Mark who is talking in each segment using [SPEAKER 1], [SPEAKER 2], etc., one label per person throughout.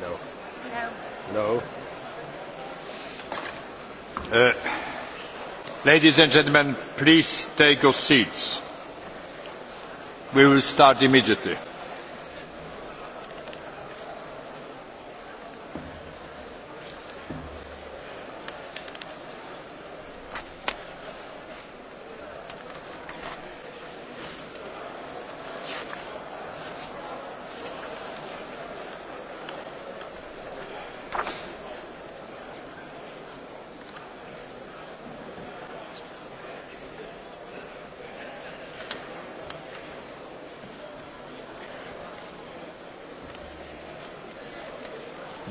[SPEAKER 1] Hello. Hello. Hello. Uh, ladies and gentlemen, please take your seats. We will start immediately.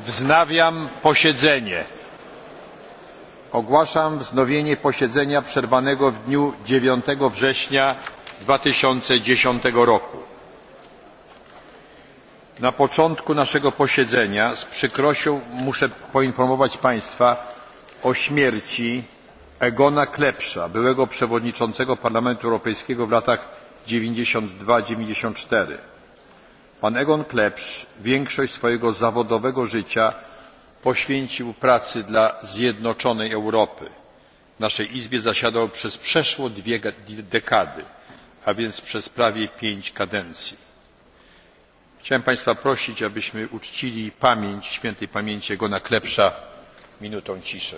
[SPEAKER 1] Wznawiam posiedzenie. Ogłaszam wznowienie posiedzenia przerwanego w dniu 9 września 2010 roku. Na początku naszego posiedzenia z przykrością muszę poinformować Państwa o śmierci Egona Klepsza, byłego przewodniczącego Parlamentu Europejskiego w latach 92-94. Pan Egon Klebsch większość swojego zawodowego życia poświęcił pracy dla zjednoczonej Europy. W naszej Izbie zasiadał przez przeszło dwie dekady, a więc przez prawie pięć kadencji. Chciałem Państwa prosić, abyśmy uczcili pamięć świętej pamięci Egona Klepsza minutą ciszy.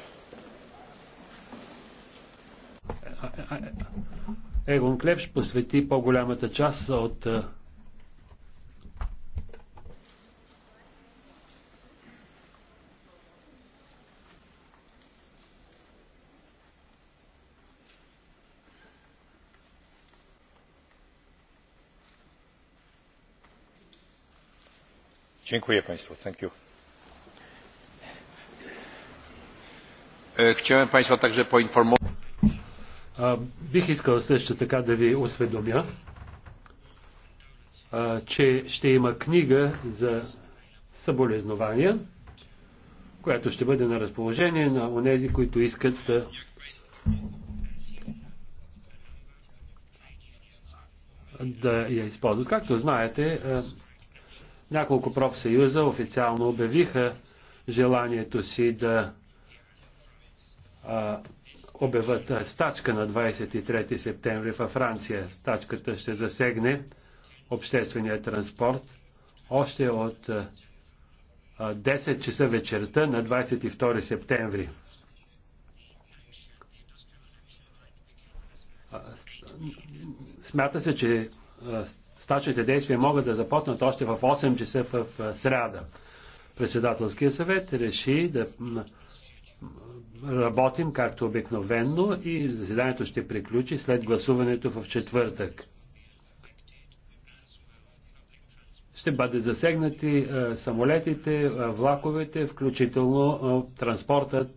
[SPEAKER 2] Егон Клепш посвети по-голямата част от
[SPEAKER 1] E, chciałem Państwa także poinformować.
[SPEAKER 2] Бих искал също така да ви осведомя, че ще има книга за съболезнования, която ще бъде на разположение на онези, които искат да да я използват. Както знаете, няколко профсъюза официално обявиха желанието си да а, обяват стачка на 23 септември във Франция. Стачката ще засегне обществения транспорт още от 10 часа вечерта на 22 септември. Смята се, че стачните действия могат да започнат още в 8 часа в сряда. Председателския съвет реши да работим както обикновенно и заседанието ще приключи след гласуването в четвъртък. Ще бъдат засегнати самолетите, влаковете, включително транспортът,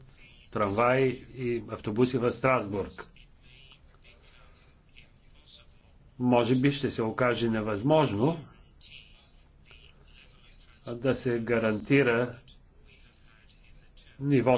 [SPEAKER 2] трамваи и автобуси в Страсбург може би ще се окаже невъзможно да се гарантира нивото